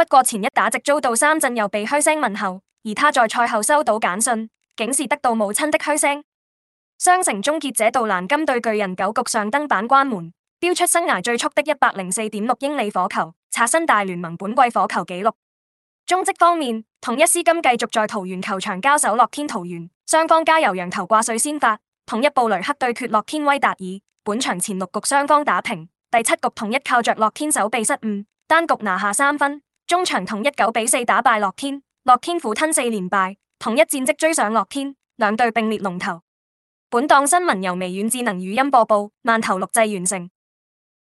不過前一打直遭到三振，又被噓聲問候，而他在賽後收到簡訊，竟是得到母親的噓聲。雙城終結者杜蘭金對巨人九局上登板關門，飆出生涯最速的一百零四點六英里火球，刷新大聯盟本季火球紀錄。中職方面，統一斯金繼續在桃園球場交手樂天桃園，雙方加油揚頭掛帥先發，統一布雷克對決樂天威達爾，本場前六局雙方打平，第七局統一靠着樂天手臂失誤，單局拿下三分。中場統一九比四打敗樂天，樂天苦吞四連敗，統一戰績追上樂天，兩隊並列龍頭。本檔新聞由微軟智能語音播報，慢頭錄製完成。